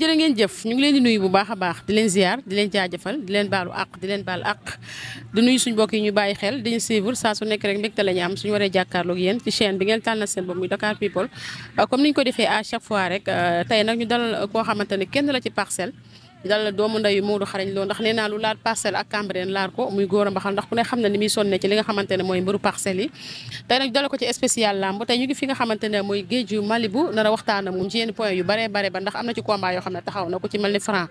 yi ngeen jëf ñu ngi leen di nuyu bu baax a baax di leen ziar di leen jaajëfal di leen baalu àq di leen baal àq di nuyu suñ mbokk yi ñu bàyyi xel di ñu suivre saa su nekk rek mbégte la ñu am suñu waree jàkkaarloog yéen ci chaîne bi ngeen tànnal seen bopp muy Dakar People comme niñ ko defee à chaque fois rek euh, tey nag ñu dalal koo xamante ne kenn la ci parcelle dal la doomu ndeyu Modou xarañ loo ndax nee naa lu laal parcelle ak Cambérène laal ko muy góor a mbaxal ndax ku ne xam ne ni muy sonne ci li nga xamante ne mooy mbëru parcelles yi tey nag dale ko ne mooy géeju Malibu nar a waxtaan ak point yu bare bare ba ndax am na ci combat yoo xam ne taxaw na ku ci mel ni Franc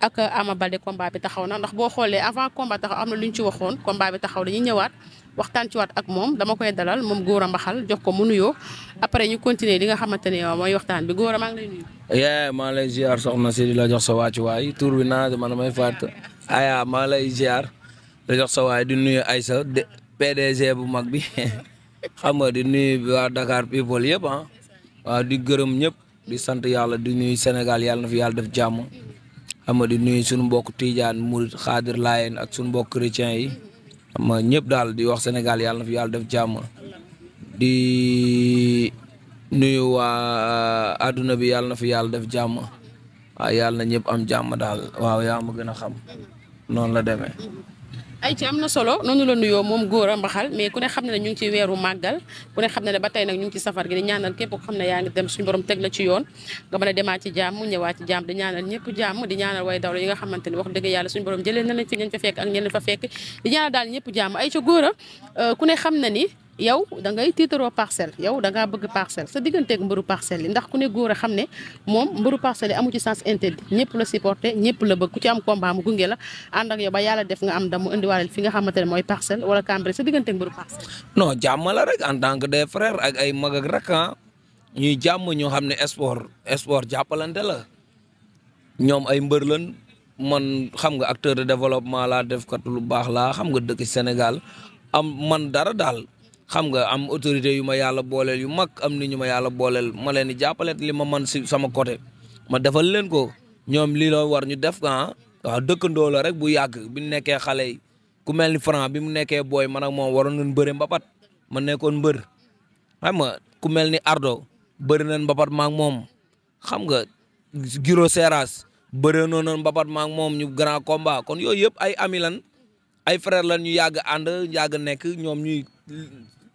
ak Ama Baldé combat bi taxaw na ndax boo xoolee avant combat taxaw am na lu ñu ci waxoon combat bi taxaw dañuy ñëwaat waxtaan ci waat ak moom dama koy dalal moom Gora Mbaxal jox ko mu nuyoo après ñu continuer li nga xamante ne mooy waxtaan bi Gora maa ngi lay nuyu. yaa maa lay ziar soxna si di la jox sa wàccuwaay tur bi naa dama damay fàtt aya maa lay ziar la jox sa waay di nuyu Aïssa PDG bu mag bi xam nga di nuyu waa Dakar people yëpp ah waaw di gërëm ñëpp di sant yàlla di nuyu Sénégal yàlla na fi yàlla def jàmm xam nga di nuy sunu mbokk tiijaan mu Xaadir suñu mbokk yi. ma ñëpp daal di wax Sénégal yàlla na fi yàlla def jàmm di nuyu waa àdduna euh, bi yàlla na fi yàlla def jàmm waaw yàlla na ñëpp am jàmm daal waaw yaa ma gën a xam noonu la deme ay ci am na solo noonu la nuyoo moom Gora Mbaxal mais ku ne xam ne ñu ngi ci weeru màggal ku ne xam ne ba tey nag ñu ngi ci safar gi di ñaanal képp ku xam ne yaa ngi dem suñu borom teg la ci yoon nga mën a demaat ci jàmm ñëwaat ci jàmm di ñaanal ñëpp jàmm di ñaanal way dawla yi nga xamante wax dëgg yàlla suñu borom jëlee na lañ fi ñeen fa fekk di ñaanal daal ñëpp jàmm ay ci Gora euh, ku ne xam na ni yow da ngay tiitaroo parcelle yow da ngaa bëgg parcelle sa digganteeg mbëru parcelle yi ndax ku ne góor a xam ne moom mbëru parcelle amu ci sens interdit ñëpp la supporté ñëpp la bëgg ci am combat mu gunge la ànd ak ba yàlla def nga am damu indiwaale fi nga xamante ne mooy parcelle wala cambre sa digganteeg mbëru parcelle non jàmm la rek en tant que des ak ay mag ak rakkan ah, ñuy jàmm ñoo xam ne sport sport jàppalante la ñoom ay mbër lañ man xam nga acteur de développement laa def lu baax laa xam nga dëkk Sénégal am man dara daal xam nga am autorité yu ma yàlla booleel yu mag am ni ñu ma yàlla booleel ma leen di jàppale li ma man si sama côté ma defal leen ko ñoom lii la war ñu def ah waaw dëkkandoo la rek bu yàgg bi mu nekkee xale yi ku mel ni Franc bi mu nekkee booy man ak moom waroon nañ bëre mbapat ma nekkoon mbër xam nga ku mel ni Ardo bëri nañ mbapat ma moom xam nga Giro Seras bëri noonu mbapat ma moom ñu grand komba kon yooyu yëpp ay ami lan ay frère lan ñu yàgg ànd yàgg nekk ñoom ñuy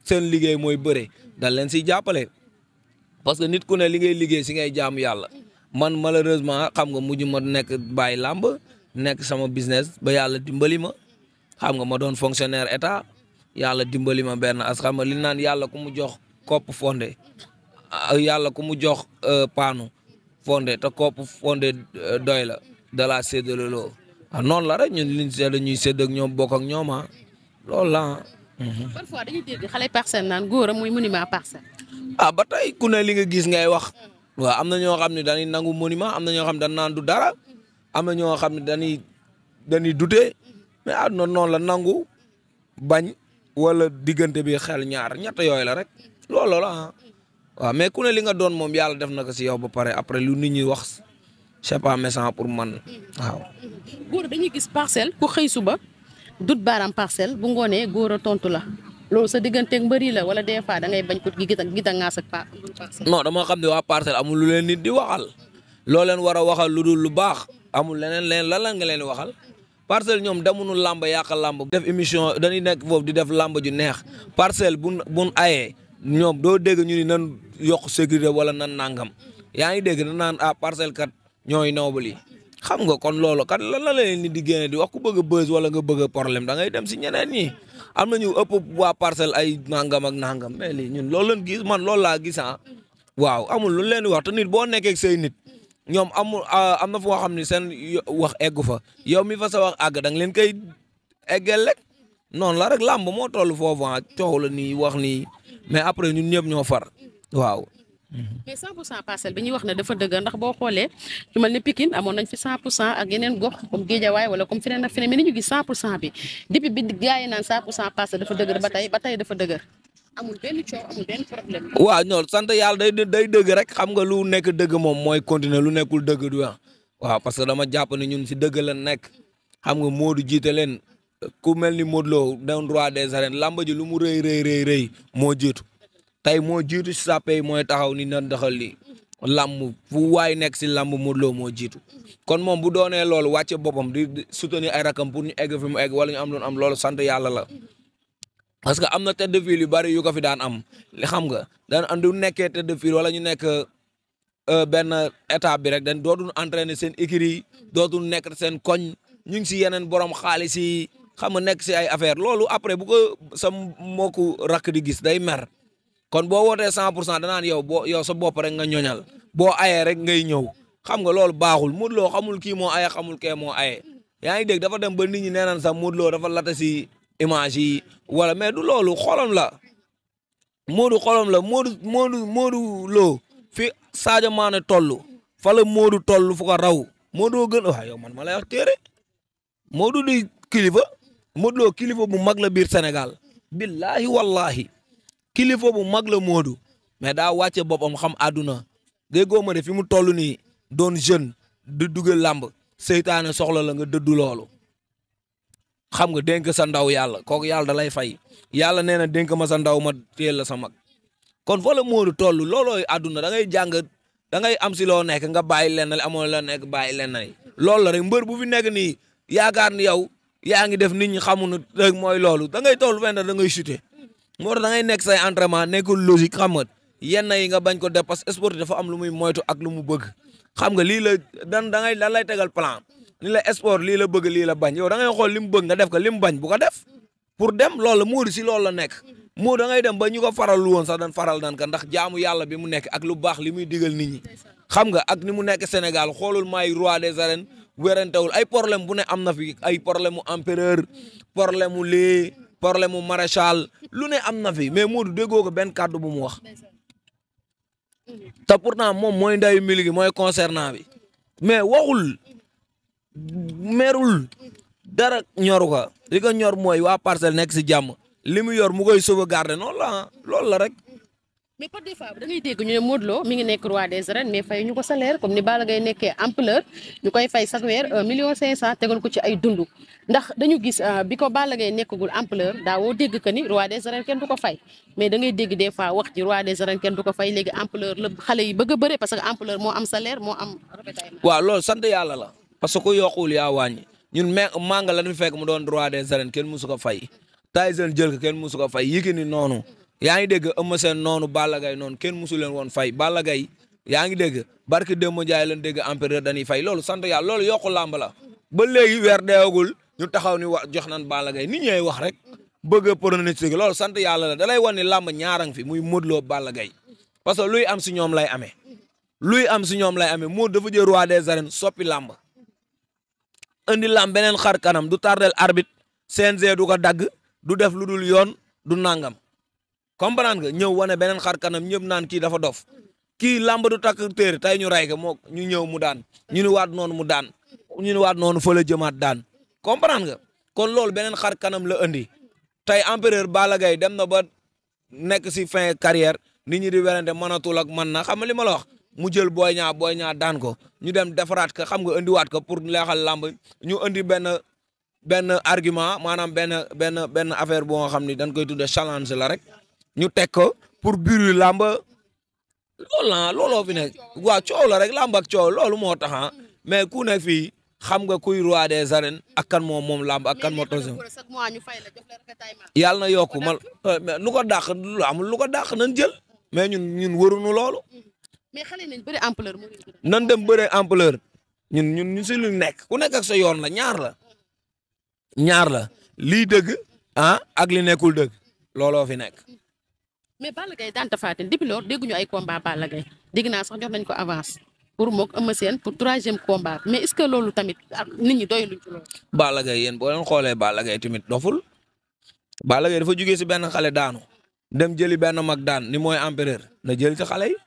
seen liggéey mooy bëre dañ leen siy jàppale parce que nit ku ne li ngay liggéey si ngay jaamu yàlla man maleureusement xam nga mujj ma nekk bàyyi làmb nekk sama business ba yàlla dimbali ma xam nga ma doon fonctionnaire état yàlla dimbali ma benn as xam nga naan yàlla ku mu jox kopp fondé yàlla ku mu jox e, paanu fondé te kopp fondé e, doy la da laa loo ah noonu la rek ñun liñ seetlu ñuy sédd ak ñoom bokk ak ñoom ah. la ah. Mhm. parfois dañuy dégg xale parcelle naan góor a mooy moniment parcelle. ah ba tey ku ne li nga gis ngay wax. waaw am na ñoo xam ne dañuy nangu monument am na ñoo xam ne dañu naan du am na ñoo xam ne dañuy dañuy dute. mais àdduna noonu la nangu bañ wala diggante bi xel ñaar ñett yooyu la rek lool la ah. waaw mais ku li nga doon moom yàlla def na ko si yow ba pare après lu ni ñi wax c'est pas méchant pour man mhm. waaw. Mhm. dut baaraam parcelle bu ngoonee góor a tontu la loolu sa digganteeg bari la wala des fois da ngay bañ ko gita gita ngaas ak pa. non dama xam ne waa parcelle amul lu leen nit di waxal loo leen war a waxal lu dul lu baax amul leneen leen la nga leen waxal. parcelle ñoom damunu làmb yàqa làmb def émission dañuy nekk foofu di def làmb ju neex parcelle bu buñ ayee ñoom doo dégg ñu ni nan yokk sécurité wala nan nangam yaa ngi dégg na naan ah parcelle kat ñooy noobali xam nga kon loolu kan lan la leen ni di génne di wax ku bëgg a wala nga bëgg a problème da ngay dem si ñeneen ñi am na ñu ëpp waa parcelle ay nangam ak nangam mais lii ñun loolu leen gis man loolu laa gis ah waaw amul lu leen di wax te nit boo nekkee say nit ñoom amul ah, am na foo xam ne seen wax eggu fa yow mi fa sa wax àgg da leen koy eggeel noonu la rek làmb moo toll foofu ah coow la nii wax nii mais après ñun ñëpp ñoo far waaw. Mm-hmm. mais 100 pour cent parcelle bi ñuy wax ne dafa dëgg ndax boo xoolee ci mel ni pikin amoon nañ fi 100 pour cent ak yeneen gox comme Guédiawaye wala comme feneen ak feneen mais ni ñu gis 100 pour cent bi depuis bi gars yi naan 100 pour cent parcelle dafa dëgër ba tey dafa dëgër. amul benn coow amul sant yàlla day day dëgg rek xam nga lu nekk dëgg moom mooy continuer lu nekkul dëgg du ah. waaw parce que dama jàpp ne ñun si dëgg la nekk xam nga Modou jiite leen ku mel ni Modou Lo doon roi des arènes lamba ji lu mu rëy rëy rëy rëy moo jiitu tey moo jiitu si sàppe yi mooy taxaw ni nan doxal li làmb fu waay nekk si làmb Modou Lo moo jiitu kon moom bu doonee loolu wàcce boppam di soutenir ay rakam pour ñu egg fi mu egg wala ñu am loon am loolu sant yàlla la parce que am na tête de file yu bari yu ko fi daan am li xam nga daan andu nekkee tête de file wala ñu nekk euh, benn état bi rek dañ dootul entraîner seen écurie dootul nekk seen koñ ñu ngi si yeneen borom xaalis yi xam nga nekk si ay affaire loolu après bu ko sa mbokku rakk di gis day mer kon boo wootee cent pour cent danaan yow boo yow sa bopp rek nga ñoñal boo ayee rek ngay ñëw xam loolu baaxul Modou Lo xamul kii moo aye xamul kee moo aye yaa ngi dégg dafa dem ba nit ñi nee naan sax Modou Lo dafa lata si image yi wala mais du loolu xolam la Modou xolam la Modou Modou Modou fi Sadio Mané toll fa la Modou toll fu ko raw Modou gën waaw yow man ma lay wax téere Modou di kilifa Modou bu mag la biir Sénégal billahi wallahi kilifa bu mag la moodu mais daa wàcce boppam xam àdduna déggoo ma ne fi mu toll nii doon jeune di dugal làmb seytaane soxla la nga dëddu loolu xam nga dénk sa ndaw yàlla kooku yàlla da lay fay yàlla nee na dénk ma sa ndaw ma la sa mag kon fa la Modou toll looloo àdduna da ngay jàng da ngay am si loo nekk nga bàyyi lenn li amoo la nekk bàyyi lenn li loolu la rek mbër bu fi nekk nii yaakaar ni yow yaa ngi def nit ñi xamuñu rek mooy loolu da ngay toll fenn da ngay chuter moo tax da nekk say entraînement nekkul logique xam nga yenn yi nga bañ ko def parce que sportif dafa am lu muy moytu ak lu mu bëgg xam nga lii la dan da ngay lay tegal plan ni la sport lii la bëgg lii la bañ yow da ngay xool li mu bëgg nga def ko li mu bañ bu ko def pour dem loolu muur si loolu la nekk muur da ngay dem ba ñu ko faral lu woon sax dan faral dan ka ndax jaamu yàlla bi mu nekk ak lu baax li muy digal nit ñi xam nga ak ni mu nekk Sénégal xoolul maay roi des arènes werantewul ay problème bu ne am na fi ay problème mu empereur problème mu lee problème mu maréchal lu ne am na fi mais Modou déggoo ko benn kàddu bu mu wax. te pourtant moom mooy ndayu mil gi mooy concernant bi mais waxul merul dara ñoru ko li ko ñor mooy waa parcelle nekk si jàmm li mu yor mu koy sauvegarder noonu la ah. loolu la rek. mais par des fois da ngay dégg ñu ne Modou Lo mi ngi nekk roi des arènes mais fay ñu ko salaire comme ni Balla Gaye nekkee ampleur ñu koy fay chaque million cinq cent tegal ko ci ay dund ndax dañu gis euh, bi ko Balla Gaye nekkagul ampleur daawoo dégg que ni roi des arènes kenn du ko fay mais da ngay dégg des fois wax des arènes kenn du ko fay léegi ampleur la xale yi bëgg a bëre parce que ampleur moo am salaire moo am rafetaay waaw loolu la parce que ku yokkuwul yaa ñun ma manga la fekk mu doon roi des arènes kenn musu ko fay Tyson jël ko kenn noonu yaa ngi dégg Eumeu Sène noonu Balla gay noonu kenn musu leen woon fay Balla Gaye yaa ngi dégg barki Demba Ndiaye leen dégg empereur dañuy fay loolu sant yàlla loolu yokku lamba la ba léegi weer deewagul ñu taxaw ni wax jox nañ Balla Gaye nit ñooy wax rek bëgg a pronostic loolu sant yàlla la dalay lay wan làmb ñaarang fi muy Modou Lo Balla Gaye parce que luy am si ñoom lay amee luy am si ñoom lay amee moo dafa jël roi des arènes sopi làmb indi làmb beneen xar kanam du tardel arbitre CNG du ko dagg du def lu dul yoon du nangam comprendre nga ñëw wane beneen xar kanam ñëpp naan kii dafa dof kii làmb du takk téere tey ñu ray ko moo ñu ñëw mu daan ñu ni waat noonu mu daan ñu ni waat noonu fa la jëmaat daan comprendre nga kon loolu beneen xar kanam la andi tey empereur Balla Gaye dem na ba nekk si fin carrière nit ñi di werante mënatul ak mën na xam nga li ma la wax mu jël booy ñaa booy ñaa daan ko ñu dem defaraat ko xam nga andiwaat ko pour leexal làmb ñu andi benn benn argument maanaam benn benn benn affaire boo nga xam ni dañ koy tudde challenge la rek ñu teg ko pour biir làmb loolu la looloo fi nekk waaw coow la rek làmb ak coow loolu moo tax mais ku ne fii xam nga kuy roi de arènes ak kan moom moom làmb ak kan moo tos. yàlla na yokk man lu ko dàq amul lu ko dàq nañ jël mais ñun ñun waruñu loolu. mais xale nañ bëri ampleur nan dem bëri ampleur ñun ñun ñu si lu nekk ku nekk ak sa yoon la ñaar la ñaar la lii dëgg ah ak li nekkul dëgg looloo fi nekk. mais Balla Gaye daan Tapha Tine depuis loolu dégguñu ay combat Balla Gaye dégg naa sax jox nañ ko avance pour moog Eumeu Sène pour troisième combat mais est ce que loolu tamit ak nit ñi doyaluñ ci loolu. Balla Gaye yéen boo leen xoolee Balla tamit doful Balla Gaye dafa jugee si benn xale daanu dem jëli benn mag daan ni mooy empereur na jël ci xale yi.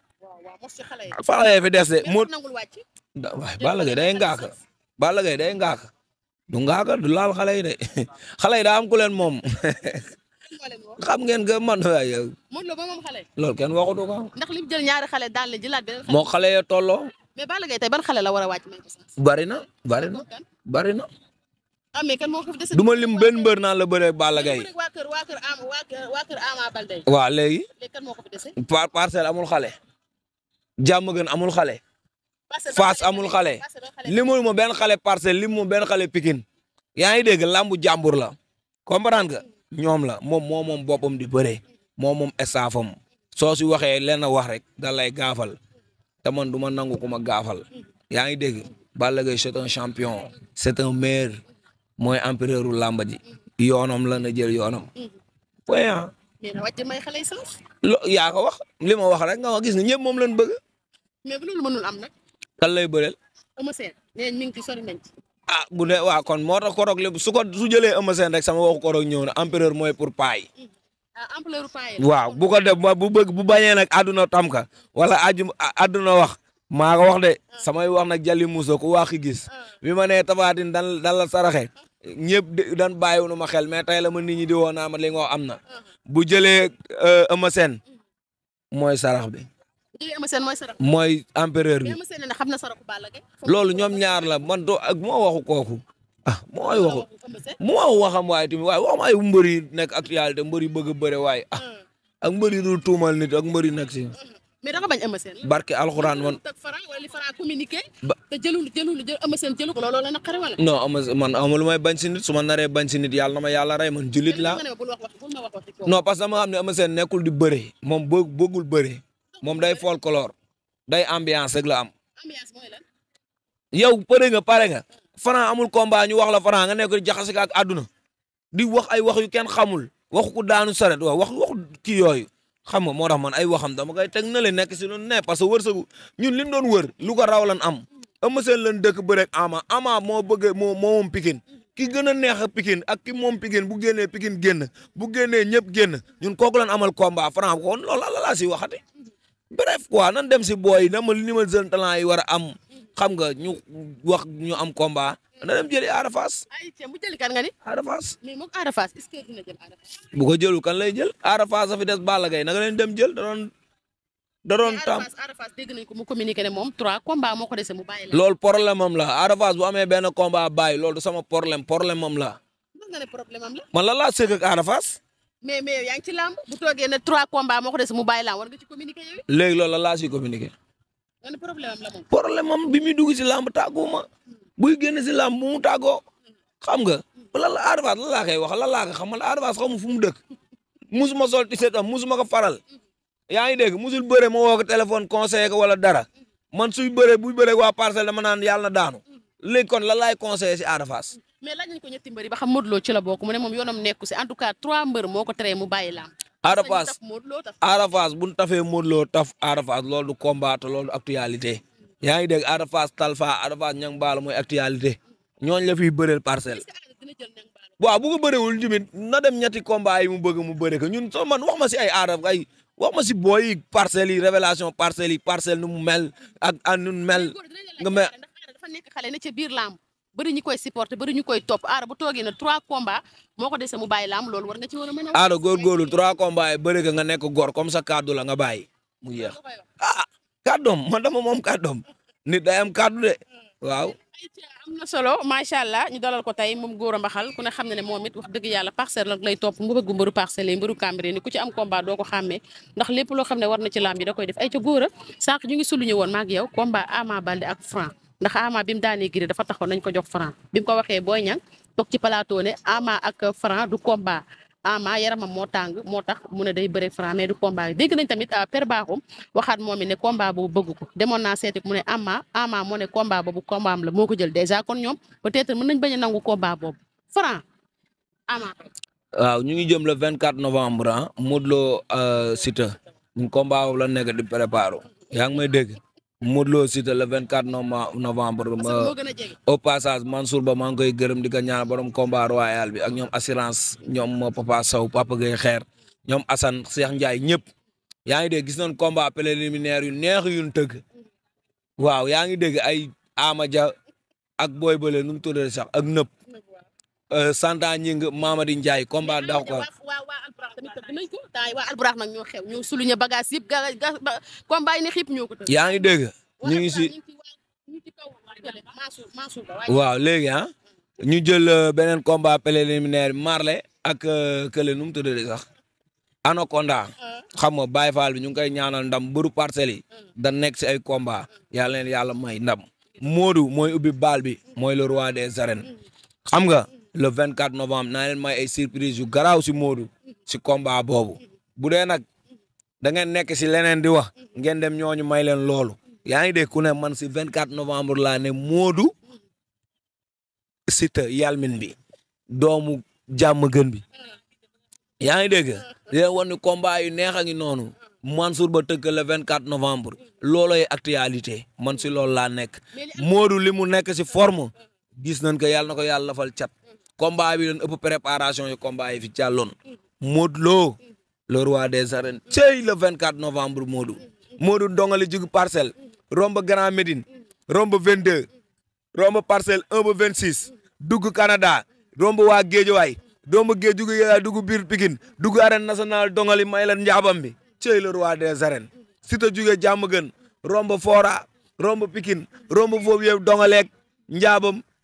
xale yi fi des de mu waaye Balla Gaye day ngaaka Balla Gaye day ngaaka du ngaaka du laal xale yi de xale yi daa am moom. xam ngeen nga man waay yow. Modou Lo ba moom xale. loolu kenn waxatu ko. ndax li mu jël ñaari xale daal la jëlaat beneen xale. moo xale ya tolloo. mais Balla Gaye tey ban xale la war a wàcc may ko sax. bari na bari na bari na. ah mais kan moo ko fi dese. du ma lim benn mbër naan la bëree Balla Gaye. waa kër waa kër Ama waa kër Ama Baldé. waaw léegi. léegi kan moo ko fi dese. par parcelle amul xale. jàmm gën amul xale. Fass amul xale. limul ma benn xale parcelle limul ma benn xale Pikine. yaa ngi dégg lambu jàmbur la comprendre nga ñoom la moom moo moom boppam di bëree moo moom estafam soo si waxee lenn wax rek da lay gaafal te man duma nangu ku ma gaafal yaa ngi dégg Balla Gaye c'est un champion c'est un maire mooy empereur u làmba ji yoonam la na jël yoonam point ah. yaa ko wax li ma wax rek nga wax gis ne ñëpp moom lañ bëgg mais bu loolu mënul am nag kan lay bëreel ah bu dee waa kon moo tax koroog lépp su ko su jëlee Eumeu Sène rek sama waxu koroog ñëw na empereur mooy pour paay ah, waaw bu ko def bu bëgg bu bañee nag àdduna tamka wala aju àdduna wax maa ko wax de ah. samay wax nag jali muso ku wax gis ah. bi ma nee Tapha Tine dan la saraxe ñëpp dan bàyyiwunu ma xel mais tey la ma nit ñi di woo naa ma li nga wax am na bu jëlee euh, Eumeu Sène mooy sarax bi mooy empereur bi loolu ñoom ñaar la man doo ak moo waxu kooku ah mooy waxu moo waxam waaye tamit waaye waxam ay mbër yi nekk actualité mbër yi bëgg a bëre waaye ah hmm. ak mbër yi dul tuumal nit ak mbër yi nekk si hmm. mais da nga bañ Eumeu Sène barke alxuraan man te jëlul jëlul jël Eumeu Sène jëlu ko loolu la naqari wala non Eumeu Sène man amul lu may bañ si nit su ma naree bañ si nit yàlla na ma yàlla rey man julit laa non parce que dama xam ne Eumeu Sène nekkul di bëre moom bëggul bëre moom day folklore day ambiance rek la am. yow pare nga pare nga. Franc amul combat ñu wax la Franc nga nekk jaxase ak àdduna di wax ay wax yu kenn xamul waxu ku daanu saret waaw wax wax kii yooyu xam nga moo tax man ay waxam dama koy teg na le nekk si lu ne parce que wërsëgu ñun li mu doon wër lu ko raw lan am. Eumeu Sène lan dëkk ba rek ama ama moo bëgg moo moom Pikine ki gën a neex a Pikine ak ki moom Pikine bu génnee Pikine génn bu génnee ñëpp génn ñun kooku lan amal combat Franc kon loolu la bref quoi nan dem si booy na ma ni ma jeune talent yi war a am xam nga ñu wax ñu am combat na dem jëli Ada Fass. ay mu jëli nga ni. mais moom Ada Fass jël Ada bu ko jëlu kan lay jël. Ada Fass a fi des Balla Gaye naka leen dem jël da doon. da doon tam mais Ada Fass dégg nañ ko mu communiqué ne moom trois combats moo ko dese mu bàyyi la. loolu problème am la Ada Fass bu amee benn combat bàyyi loolu sama problème problème am la. lan nga ne problème am la. man lan mais mais yaa ngi ci làmb bu toogee ne trois combats moo ko des mu bàyyi làmb war nga ci communiquer yooyu. léegi loolu la laa mam communiquer. bi muy dugg si làmb tàggoo ma. buy génn si làmb bu mu tàggoo. xam nga lan la Ada Fass lan laa koy wax la laa ko xamal Ada Fass xamu fu mu dëkk. musuma sol tiset am musuma ko faral. yaa ngi dégg musul bëre ma woo ko téléphone conseiller ko wala dara. man suy bëree buy bëree waa parcelle dama naan yàlla na daanu. léegi kon lan laay conseiller si Ada mais laaj nañ ko ñetti mbër yi ba xam Modou Lo ci la bokk mu ne moom yoonam nekku si en tout cas trois mbër moo ko teree mu bàyyi laam. Arafas Arafas bu ñu tafee Modou Lo taf Arafas loolu du combat loolu actualité yaa ngi dégg Arafas Talfa Arafas ñang baala mooy actualité ñooñu la fiy bëreel parcelle. waaw bu ko bëreewul tamit na dem ñetti combat yi mu bëgg mu bëre ko ñun soo man wax ma si ay araf ay wax ma si booy yi parcelles yi révélation parcelles yi parcelle nu mu mel ak an nu mel nga mel. nekk xale ne ca biir lamb bëri ñu koy supporté bëri ñu koy topp aara bu toogee na trois combats moo ko dese mu bàyyi laam loolu war nga ci war a mën a. aara góorgóorlu trois combats yi bëri nga nekk góor comme sa kaddu la nga bàyyi mu yéex ah kaddoom man dama moom kaddoom nit day am kaddu de waaw. am na solo macha allah ñu dalal ko tey moom Gora Mbaxal ku ne xam na ne moom it wax dëgg yàlla parcelle lay topp mu bëgg mbëru parcelle yi mbëru Cambérène ni ku ci am combat doo ko xàmmee ndax lépp loo xam ne war na ci laam yi da koy def ay ca Gora sànq ñu ngi souligné woon maak yow combat Ama Baldé ak Franc ndax Ama bi mu daanee Gris dafa taxoon nañ ko jox Franc bi mu ko waxee Boy Niang toog ci plateau ne Ama ak Franc du combat Ama yaramam moo tàng moo tax mu ne day bëre Franc mais du combat dégg nañ tamit euh, per baaxum waxaat moom mi ne combat boobu bëgg ko demoon naa seeti mu ne Ama Ama moo ne combat boobu combat am la moo ko jël déjà kon ñoom peut-être mën nañ bañ a nangu combat boobu Franc Ama. waaw ñu ngi jëm le 24 novembre ah Modou Lo euh, Siteu combat boobu la nekk di préparer yaa ngi may dégg. Modou Lo Siteu le vingt quatre novembre ma au passage Mansour Ba maa ngi koy gërëm di ko ñaan borom combat royal bi ak ñoom assurance ñoom euh, Papa Sow Papa Gueye Xeer ñoom asan Cheikh Ndiaye ñëpp yaa ngi dégg gis nañ combat préliminaire yu neex yuñ tëgg waaw yaa ngi dégg ay Ama Dia ak Boy Bale nu mu tuddee sax ak nëpp Euh, Santa Gningue Mamady Ndiaye combat daaw ko. Alburax tamit dinañ xew ñoo souligné bagage yëpp ga ga combat yi ne ko yaa ngi dégg ñu ngi si waaw léegi ñu jël euh, beneen combat préliminaire Marley ak euh, kële nu mu tuddati sax. Anaconda ah. xam nga Baye ñu ngi koy ñaanal ndam bëru parcelles yi ah. da nekk si ay combat ah. yàlla yàlla may ndam Modou mooy ubbi baal bi mooy le roi des arènes mm. xam nga. le vingt 24 novembre naa leen may ay surprise yu garaaw si Modou si combat boobu bu dee nag da nekk si leneen di wax ngeen dem ñooñu may leen loolu yaa ngi dégg ne man si vingt 24 novembre laa ne Modou Siteu yalmin bi doomu jàmm gën bi yaa ngi dégg leen wan ni combat yu neex a ngi noonu Mansour ba tëgg le 24 novembre looloy actualité man si loolu laa nekk Modou li mu nekk si forme gis nañ ko yàlla na ko yàlla lafal cat combat bi doon ëpp préparation yi combat yi fi jàlloon. Modou Lo le roi des arènes cey le 24 novembre Modou Modou dongali jug parcelle romb Grand Médine romb 22 romb parcelle 1 ba 26 dugg Canada romb waa Géejawaay romb Géejugu yaa dugg biir Pikine dugg arène nationale dongali may leen njaabam bi cey le roi des arènes si ta jugee jàmm romb Fora romb Pikine romb foofu yëpp dongaleeg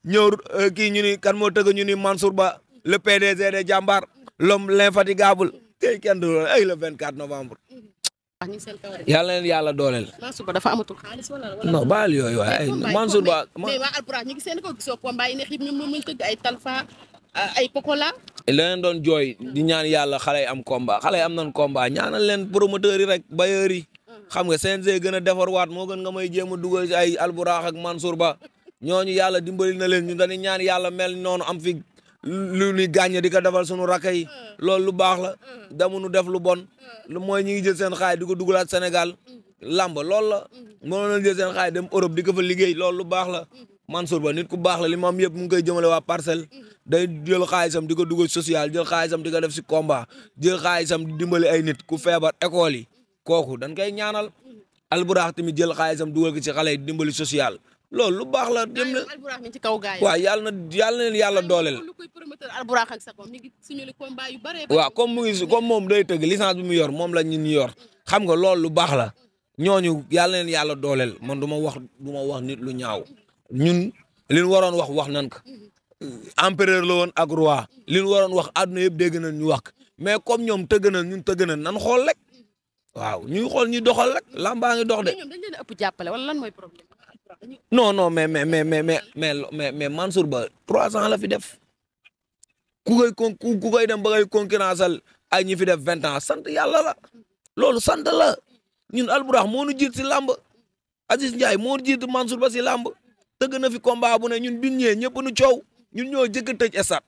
ñëw euh, kii ñu ni kan moo tëgg ñu ni Mansour Ba le PDG de Jambar l'homme l'infatigable tey kenn du loolu ay le 24 novembre. yàlla leen yàlla dooleel. Mansour Ba dafa amatul xaalis wala Ba. mais waa Alpura ñu seen ko gisoo combat yi neex yi ay Talfa euh, ay Pokola. leneen doon jooy di ñaan yàlla xale yi am combat xale yi am nañ combat ñaanal leen promoteurs yi rek bailleurs yi. Mm. xam nga CNG gën a defar waat moo gën nga may jéem a dugal ci ay Alburax ak Mansour Ba ñooñu yàlla dimbali na leen ñu dañuy ñaan yàlla mel noonu am fi lu ñuy gàññe di ko defal sunu rakk yi loolu lu baax la damuñu def lu bon lu mooy ñi ngi jël seen xaay di ko dugalaat Sénégal làmb loolu la mënoon jël seen xaay dem Europe di ko fa liggéey loolu lu baax la Mansour Ba nit ku baax la li mu am yëpp mu ngi koy jëmale waa parcelle day jël xaalisam di ko dugal social jël xaalisam di ko def si combat jël xaalisam dimbali ay nit ku feebar école yi kooku dañ koy ñaanal alburax tamit jël xaalisam dugal ci xale yi dimbali social loolu lu baax la dem na waaw yàlla na yàlla na yàlla dooleel waaw comme mu ngi comme moom day tëgg licence bi mu yor moom la ñun yor xam nga lool lu baax la ñooñu yàlla na yàlla dooleel man du ma wax du ma wax nit lu ñaaw ñun li waroon wax wax nan ko empereur la woon ak roi li ñu waroon wax àdduna yëpp dégg nañ ñu wax mais comme ñoom tëgg nañ ñun tëgg nañ nan xool rek waaw ñuy xool ñu doxal rek làmbaa ngi dox de. ñoom dañ leen ëpp jàppale wala lan mooy problème non non mais mais mais mais mais mais mais Mansour Ba trois ans la fi def ku koy dem ba koy concurrence al ay ñi fi def vingt ans sant yàlla la loolu sant la ñun alburax moo nu jiit si làmb Aziz Ndiaye moo nu jiit Mansour Ba si làmb tëgg na fi combat bu ne ñun biñ ñëwee ñëpp nu coow ñun ñoo jëkk a tëj esat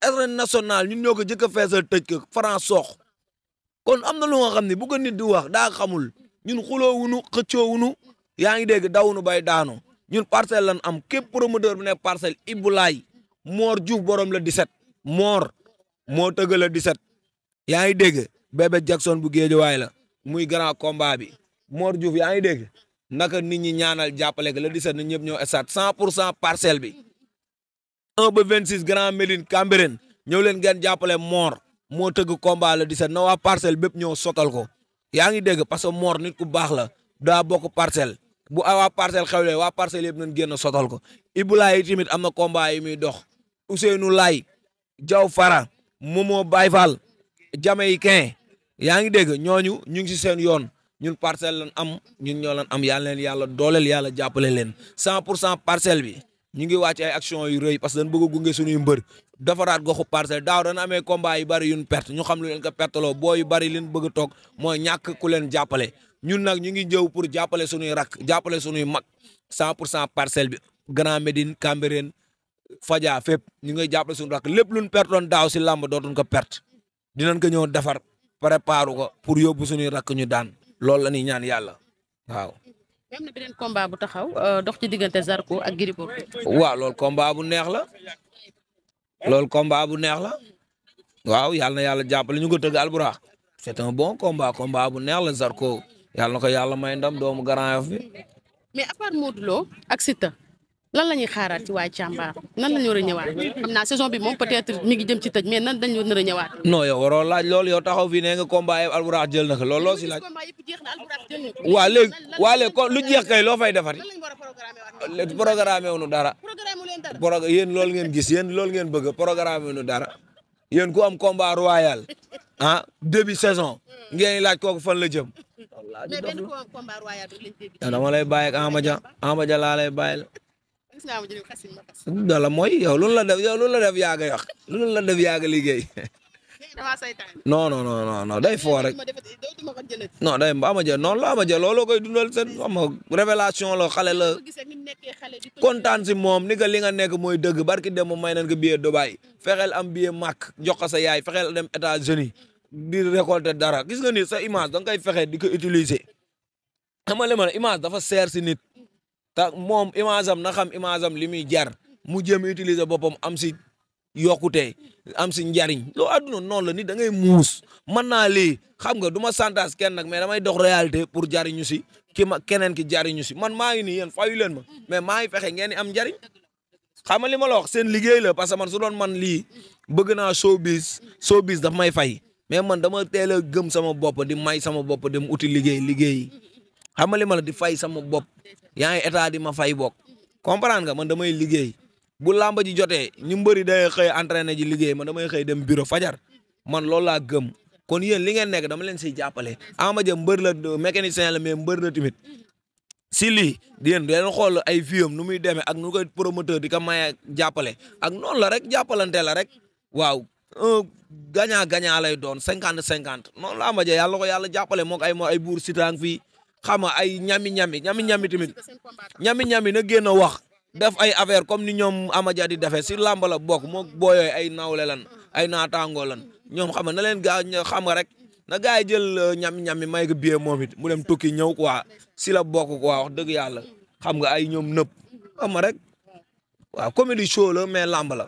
arène nationale ñun ñoo ko jëkk a feesal tëj ko France soox kon am na lu nga xam ne bu ko nit di wax daa yaa ngi dégg dawunu bay daanu ñun parcelle lan am képp promoteur bu nekk parcelle Ibulaay Mor Diouf borom la 17 Mor moo tëgg la 17 yaa ngi dégg bébé Jackson bu géejuwaay la muy grand combat bi moor Diouf yaa ngi dégg naka nit ñi ñaanal jàppale ko la 17 nit ñëpp ñoo estat 100 pour cent parcelle bi 1 ba 26 grand Médine Cambérène ñëw leen ngeen jàppale Mor moo tëgg combat la 17 na waa parcelle bépp ñoo sotal ko yaa ngi dégg parce que Mor nit ku baax la daa bokk parcelle. bu ay waa parcelle xewlee waa parcelle yëpp nañ génn sotal ko Ibulaay tamit am na combat yi muy dox Ousseynou Laay Jaw Fara Momo Baye Fall Jamaïcain yaa ngi dégg ñooñu ñu ngi si seen yoon ñun parcelle lan am ñun ñoo lan am yàlla leen yàlla dooleel yàlla jàppale leen cent pour cent parcelle bi ñu ngi wàcc ay action yu rëy parce que dañ bëgg a gunge suñuy mbër defaraat goxu parcelle daaw dana amee combat yu bari yuñ perte ñu xam lu leen ko perteloo boo yu bari leen bëgg a toog mooy ñàkk ku leen jàppale ñun nag ñu ngi jëw pour jàppale suñuy rak jàppale suñuy mag 100 pour cent parcelle bi Grand Médine Cambérène Fadia fépp ñu ngay jàppale suñu rak lépp luñ pertoon daaw si làmb dootuñ ko perte dinañ ko ñëw defar préparer ko pour yóbbu suñuy rak ñu daan loolu la ñaan yàlla waaw. am bu taxaw euh, dox ci diggante Zarko ak Gris Bordeaux. waaw loolu bu neex la loolu combat bu neex la waaw yàlla na yàlla jàppale ñu ko tëgg alburax c'est un bon combat combat bu neex la Zarko. yàlla na ko yàlla may ndam doomu Grand Yoff bi. mais à part Modou Lo ak Siteu lan la ñuy xaaraat ci waa càmbaar nan la ñu war a ñëwaat xam naa saison bi moom peut-être mi ngi jëm ci tëj mais nan dañu nar a ñëwaat. non yow waroo laaj loolu yow taxaw fii nee nga combat yëpp alburax jël na ko loolu loo si laaj. waaw léegi waaw léegi kon lu jeex kay loo fay defati. programme wu nu dara. pro yéen loolu ngeen gis yéen loolu ngeen bëgg programme wu dara yéen ku am combat royal ah début saison. Hmm. ngeen laaj kooku fan la jëm. mais benn combat royal bi lañ dégg. dama lay laa la. dala mooy yow loolu la def yow loolu la def yaaga yàq loolu la def yaaga liggéey. non non non non day foo ama jë noonu la ama jë looloo koy dundal seen xam nga révélation la xale la kontaan si moom ni nga li nga nekk mooy dëgg barki dem may nañ ko billet Dubaï fexeel am billet Makka jox ko sa yaay fexeel dem États-Unis di récolter dara gis nga ni sa image da nga koy fexe di ko utiliser xam image dafa seer si nit te moom image am na image am li muy jar mu jëm utiliser boppam am si yokkute am si njariñ loo àdduna noonu la ni da ngay muus mën naa lii xam nga du ma santaas kenn nag mais damay dox réalité pour jariñu si ki ma keneen ki jariñu si man maa ngi nii yéen fayu leen ma mais maa ngi fexe ngeen di am njariñ xam nga li ma la wax seen la parce que man su doon man lii bëgg naa showbiz showbiz daf may fay mais man dama teel a gëm sama bopp di may sama bopp dem uti liggéey liggéey xam nga ma la di fay sama bopp yaa ngi état di ma fay bok comprendre nga man damay liggéey bu làmb ji jotee ñu mbëri day xëy entraîné ji liggéey man damay xëy dem bureau fajar man loolu laa gëm kon yéen li ngeen nekk dama leen siy jàppale Ama Dia mbër la mécanicien la mais mbër la tamit si lii yéen dañu xool ay viam nu muy demee ak nu koy promoteur di ko maye jàppale ak noonu la rek jàppalante la rek waaw un gagnant gagnant lay doon cinquante cinquante noonu la Ama yàlla ko yàlla jàppale moog ay moo ay buur sitang fii xam nga ay ñami ñami ñami ñami tamit ñami ñami na génn wax def ay affaire comme ni ñoom Amadia di defee si làmb la bokk moo booyooy ay nawle lan ay naataangoo lan ñoom xam nga na leen gaa xam nga rek na gaa yi jël euh, ñam-ñam may ko biyee moom it mu dem tukki ñëw quoi si la bokk quoi wax dëgg yàlla xam nga ay ñoom nëpp xam nga rek waaw comédie show la mais làmb la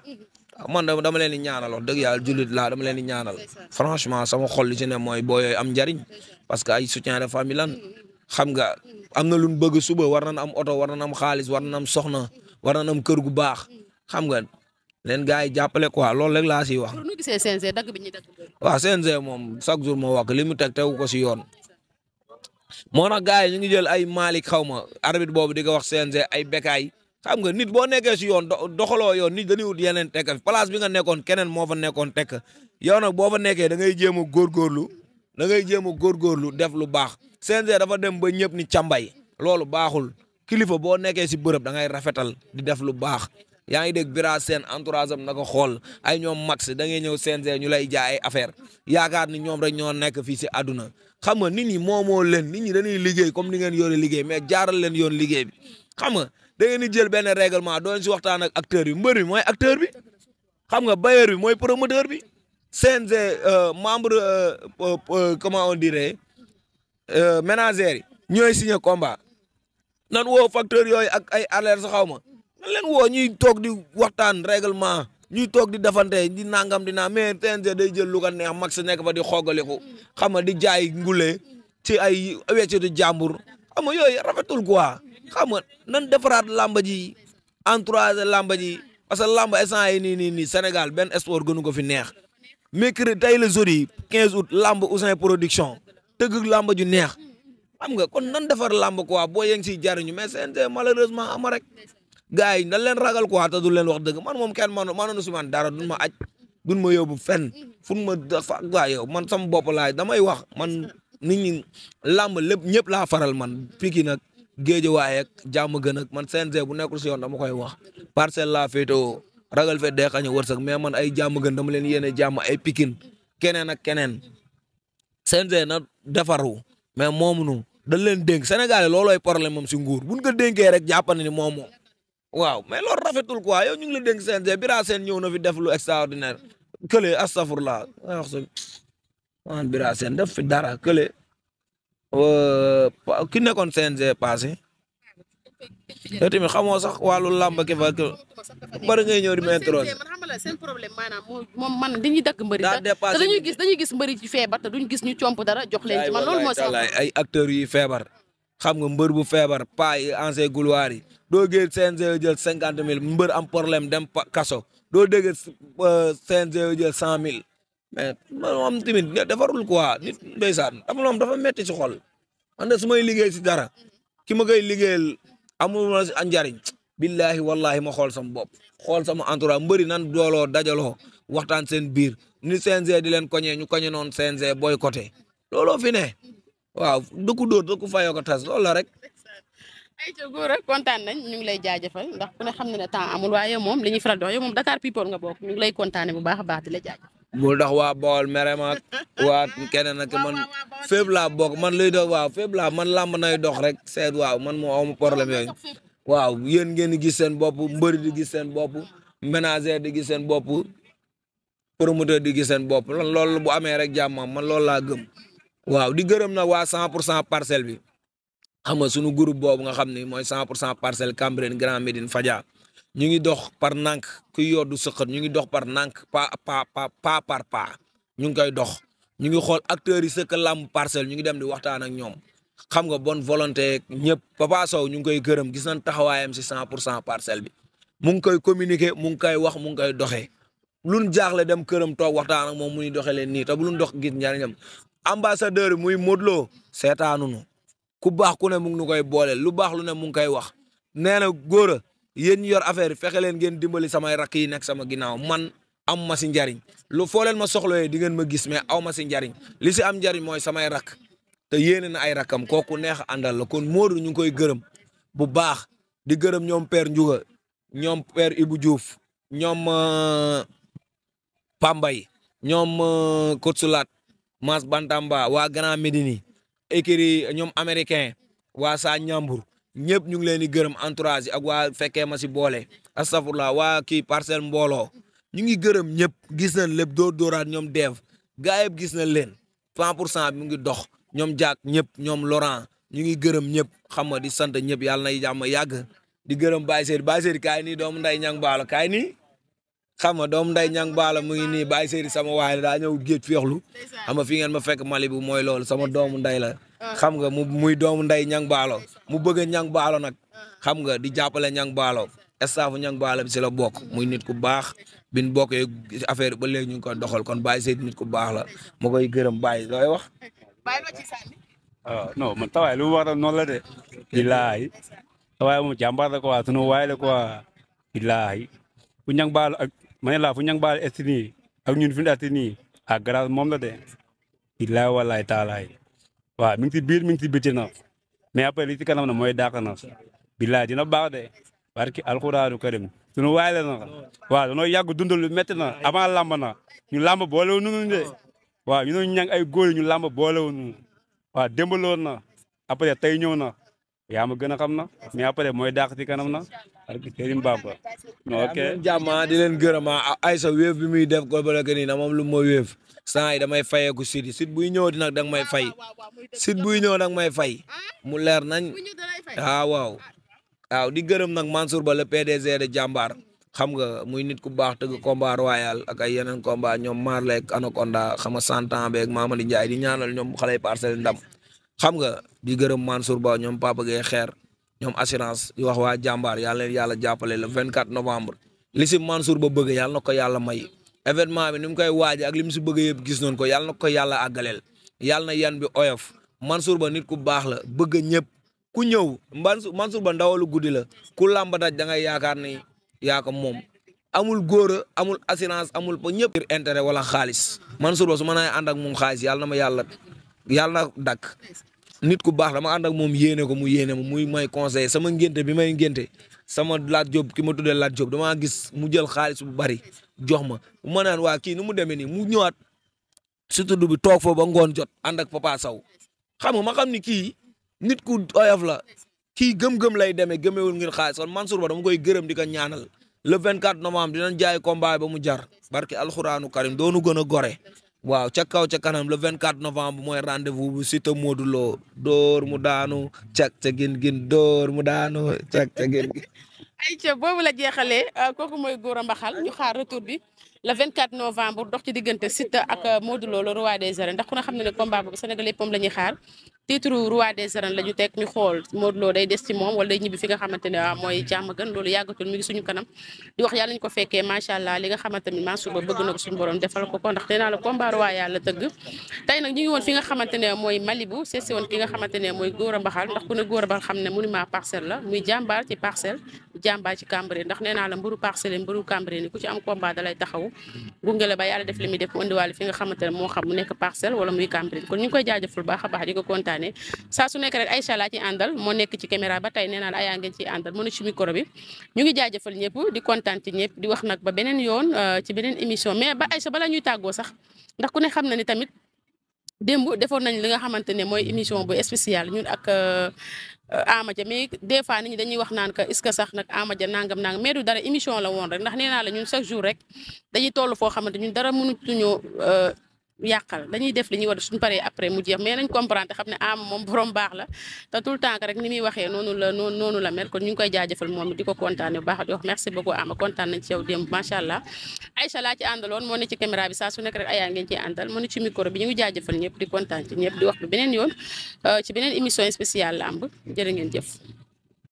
man dama leen di ñaanal wax dëgg yàlla jullit laa dama leen di ñaanal franchement sama xol li ne mooy booyooy am njariñ parce que ay soutien de xam nga am na lu bëgg suba war nañ am oto war am xaalis war nañ am soxna war am kër gu baax xam nga leen gars yi jàppale quoi loolu rek laa siy wax. pour bi ñuy dagg. waaw CNG moom chaque jour moo wax li mu teg tegu ko si yoon. moo tax gars yi ñu ngi jël ay Malick xaw ma arbitre boobu di ko wax CNG ay Bekaay xam nga nit boo nekkee si yoon doxaloo yoon nit dañuy wut yeneen tekk place bi nga nekkoon keneen moo fa nekkoon tekk yow nag boo fa nekkee da ngay jéem a góorgóorlu da ngay jéem a góorgóorlu def lu baax CNG dafa dem ba ñëpp ni càmbay loolu baaxul kilifa boo nekkee si bërëb da ngay rafetal di def lu baax yaa ngi dégg bira seen entourage am na ko xool ay ñoom max da ngay ñëw CNG ñu lay jaay affaire yaakaar ni ñoom rek ñoo nekk fii si àdduna xam nga nit ñi moomoo leen nit ñi dañuy liggéey comme ni ngeen yore liggéey mais jaaral leen yoon liggéey bi xam nga da ngeen di jël benn règlement doon si waxtaan ak acteur bi mbër bi mooy acteur bi xam nga bailleur bi mooy promoteur bi CNG euh, membre euh, euh, comment on dirait ménagères yi ñooy signé combat nan woo facteur yooyu ak ay alerte xaw ma nan leen woo ñuy toog di waxtaan règlement ñuy toog di defante di nangam di naa mais CNG day jël lu ne neex mag sa nekk fa di xoogaliku xam nga di jaay ngule ci ay weccitu jàmbur xam nga yooyu rafetul quoi xam nan defaraat làmba ji entourage làmba ji parce que làmba instant yi nii nii nii Sénégal benn sport gënu ko fi neex mercredi tey la jeudi 15 août lamb Ouzin production tëgg lamb ju neex xam nga kon nan defar lamb quoi boo yëng siy jariñu me CNG malheureusement ama rek gars yi nan leen ragal quoi te du leen wax dëgg man moom kenn man maanoonu si man dara duñ ma aj duñ ma bu fenn fun ma dafa waa yow man sama bopp laay damay wax man nit ñi lamb lépp ñëpp laa faral man Pikine nag géej waaye ak jàmm gën ak man CNG bu nekkul si yoon dama koy wax parcelle laa féetewoo ragal fee day xañu wërsëg mais man ay jàmm gën dama leen yéene jàmm ay pikin keneen ak keneen CNG na defaru mais moomu nu dañ leen dénk Sénégal loolooy problème moom si nguur buñ ko dénkee rek jàpp na ni moom moo waaw mais loolu rafetul quoi ñu ngi la dénk CNG Bira Sène ñëw na fi def lu extraordinaire kële astafurla wax sa man Bira def fi dara kële ki nekkoon CNG passé yow tamit xamoo sax wàllu làmb ke fa bari ngay ñëw di ma introsé man xamal la seen problème maanaam moom man dañuy dagg mbëri te dañuy gis dañuy gis mbëri ci feebar te duñ gis ñu comp dara jox leen ci man loolu mooy sax ay acteurs yi feebar xam nga mbër bu feebar paa yi ancien gouloir yi doo géej CNG jël cinquante mille mbër am problème dem kaso doo dégg euh, CNG jël cent mille mais moom tamit defarul quoi nit ndeysaan am loom dafa metti ci xol man de su may liggéey ci dara ki ma koy liggéeyal amul woon njariñ billahi wallahi ma xool sama bopp xool sama entourage mbëri nan dooloo dajaloo waxtaan seen biir ni CNG di leen koñee ñu koñe noonu CNG boycotté looloo fi ne waaw dëkku dóor dëkku fayoo ko tas loolu rek. ay ca góor rek kontaan nañ ñu ngi lay jaajëfal ndax ku ne xam na ne temps amul waaye moom li ñuy faral di Dakar People nga ñu ngi lay bu baax a baax di la jaajëfal. bul ndax waa Bawol mere ma waa keneen ak man fépp laa bokk man luy dox waaw fépp laa man làmb nay dox rek seet waaw man moo amu la yooyu waaw yéen ngeen di gis seen bopp mbëri di gis seen bopp ménager di gis seen bopp promoteur di gis seen bopp lan loolu bu amee rek jàmmam man loolu laa gëm waaw di gërëm na waa cent pour cent parcelle bi xam nga sunu groupe boobu nga xam ni mooy cent pour cent parcelle Cambérène Grand Médine Fadia ñu ngi dox par nànk ku yoddu sëqat ñu ngi dox par nànk pa pas pas par pa ñu ngi koy dox ñu ngi xool acteurs yi sëkk làmb parcelle ñu ngi dem di waxtaan ak ñoom xam nga bon volonté ñëpp Papa Sow ñu ngi koy gërëm gis nañ taxawaayam si cent pour cent parcelle bi mu ngi koy communiquer mu ngi koy wax mu ngi koy doxee luñ jaaxle dem këram toog waxtaan ak moom muy doxee leen nii te bu luñ dox gis njariñam ambassadeur bi muy Modou Lo ku baax ku ne mu ngi nu koy booleel lu baax lu ne mu ngi koy wax nee na góor yéen yor affaire yi fexe leen ngeen dimbali samay rakk yi nekk sama ginnaaw man am ma si njariñ lu foo leen ma soxlawee di ngeen ma gis mais aw ma si njariñ li si am njariñ mooy samay rakk te yéene na ay rakkam kooku neex àndal la kon Modou ñu ngi koy gërëm bu baax di gërëm ñoom père Ndiouga ñoom père Ibou ñoom euh, Pambay ñoom Kotsulat euh, Mas Bantamba waa Grand Médini écurie ñoom américain waa Sa Ñambur ñëpp ñu ngi leen di gërëm entourage yi ak waa fekkee ma si boole astafurlah waa kii parcelle mbooloo ñu ngi gërëm ñëpp gis na lépp dóor dóoraat ñoom deev gaa yëpp gis nañ leen 100 pour cent mu ngi dox ñoom Jack ñëpp ñoom Laurent ñu ngi gërëm ñëpp xam nga di sant ñëpp yàlla na jàmm yàgg di gërëm Baye Seydi Baye Seydi kaay nii doomu nday ñang baalo kaay nii xam nga doomu nday ñang baalo mu ngi nii Baye Seydi sama waay daa ñëw géej féexlu xam nga fi ngeen ma fekk Mali bu mooy loolu sama doomu nday la ah. xam nga mu muy doomu nday ñang baalo mu bëgg ñang baalo nag xam nga di jàppale ñang baalo estaafu ñang baalo bi si la bokk muy nit ku baax bin bok affaire ba léegi ñu ngi ko doxal kon Baye Seydi nit ku baax la ma koy gërëm Baye looy wax. Ah, no mu man tawaay lu mu wax noonu la de. billaahi tawaay moom jàmbaar la quoi sunu waay la quoi. billaahi fu ñang baalo ak ma ne laa fu ñang baalo est ak ñun fi mu nii ak grâce moom la de. billaahi wallaahi taalaay waaw mi ngi si biir mi ngi si biti na. mais après li ci kanam na mooy dàq na billaay dina baax de barki alxuraanu karim suñu waay la na waaw danoo yàgg dundal lu na avant làmb na ñu làmb boolewu nunu de waaw ñu ñang ay góor ñu làmb boolewu nunu waaw démbaloon na après tey ñëw na yaa ma gën a xam na mais après mooy dàq ci kanam na ak Serigne Bamba ok jàmma ah, di leen gërëma ah, ah, Aïssa wéef bi muy def ko bala que na moom lu ma wéef sant yi damay fayeeku sit yi sit buy ñëw di nag danga may fay sit buy ñëw danga may fay mu leer nañ ah waaw di gërëm nag Mansour Ba le de jàmbaar xam nga muy nit ku baax tëgg combat royal ak ay yeneen combat ñoom Marley ak Anaconda xam nga santan di ñaanal ñoom xale parcelle ndam xam nga di gërëm Mansour Ba ñoom Papa Gueye xeer ñoom assurance di wax waa jàmbaar yàlla leen yàlla jàppale le 24 novembre li si Mansour Ba bëgg yàlla ko yàlla may événement bi ni mu koy waaj ak li mu si bëgg yëpp gis noonu ko yàlla na ko yàlla àggaleel yàlla na yan bi oyof Mansour Ba nit ku baax la bëgg ñëpp ku ñëw Mansour Ba ndawalu guddi la ku làmb daj da ngay yaakaar ni yaa ko moom amul góor amul assurance amul ba ñëpp. ngir intérêt wala xaalis Mansour Ba su ma nay ànd ak moom xaalis yàlla na ma yàlla yàlla na nit ku baax dama ànd ak moom yéene ko mu yéene ma muy may conseil sama ngénte bi may ngénte sama laaj job ki ma tuddee laaj job damaa gis mu jël xaalis bu bari jox ma bu ma naan waa kii nu mu demee nii mu ñëwaat surtout bi toog foofu ba ngoon jot ànd ak papa saw xam nga ma xam ni kii nit ku oyof la kii gëm-gëm lay demee gëmewul ngir xaalis kon Mansour Ba dama koy gërëm di ko ñaanal le 24 novembre dinañ jaay combat ba mu jar barki alxuraanu karim doonu gën a gore waaw ca kaw ca kanam le 24 novembre mooy rendez-vous bu Siteu Modou Lo dóor mu daanu cak ca gin gin dóor mu daanu cak ca gin gin ay ca boobu la jeexalee euh, kooku mooy a Mbaxal ñu xaar retour bi le 24 novembre dox ci diggante Siteu ak euh, Modou Lo le roi des arènes ndax ku na xam ne ne combat boobu Sénégal yëppam la xaar titre roi des arènes la ñu teg xool Modou day des ci moom wala day ñibbi fi nga xamante ne ah, mooy jàmm gën loolu yàggatul mi ngi suñu kanam di wax yàlla tëgg tey nag ñu ngi woon fi nga xamante ne mooy Malibu seesi woon ki nga xamante ne mooy Gora Mbaxal ndax ku ne Gora Mbaxal xam ne monument parcelle la muy jàmbaar ci parcelle jàmbaar ci Cambérène ndax nee la mburu parcelle mburu Cambérène ni ku ci am combat dalay taxaw gunge la ba yàlla def li muy a baax di waxtaanee saa su nekk rek Aïcha laa ci àndal moo nekk ci caméra ba tey nee la ayaa ngeen ci àndal mënu ci micro ñu ngi jaajëfal ñëpp di kontaan ci ñëpp di wax nag ba beneen yoon euh, ci beneen émission mais ba Aïcha bala ñuy tàggoo sax ku ne xam na ni tamit démb defoon nañ li nga xamante ne mooy émission bu spéciale ñun ak euh, Ama Dia mais des dañuy wax naan que est que sax nag Ama Dia nangam nangam mais du dara émission la woon rek ndax nee naa la ñun chaque jour rek dañuy toll foo xamante ñun dara mënutuñoo euh, yàqal dañuy def li ñu war suñ paree après mu jeex mais nañ comprendre xam ne am ah, moom borom baax la te tout le temps que rek ni muy waxee noonu la noonu la mel kon ñu ngi koy jaajëfal moom di ko kontaane bu baax di wax merci beaucoup ama kontaan nañ ci yow démb macha allah Aïcha laa ci ne ci caméra bi saa su nekk rek ayaa ngeen ciy àndal moo ne ci micro bi ñu ngi jaajëfal ñëpp di kontaan ci ñëpp di wax bi beneen yoon euh, ci beneen émission spéciale lamb jërë ngeen jëf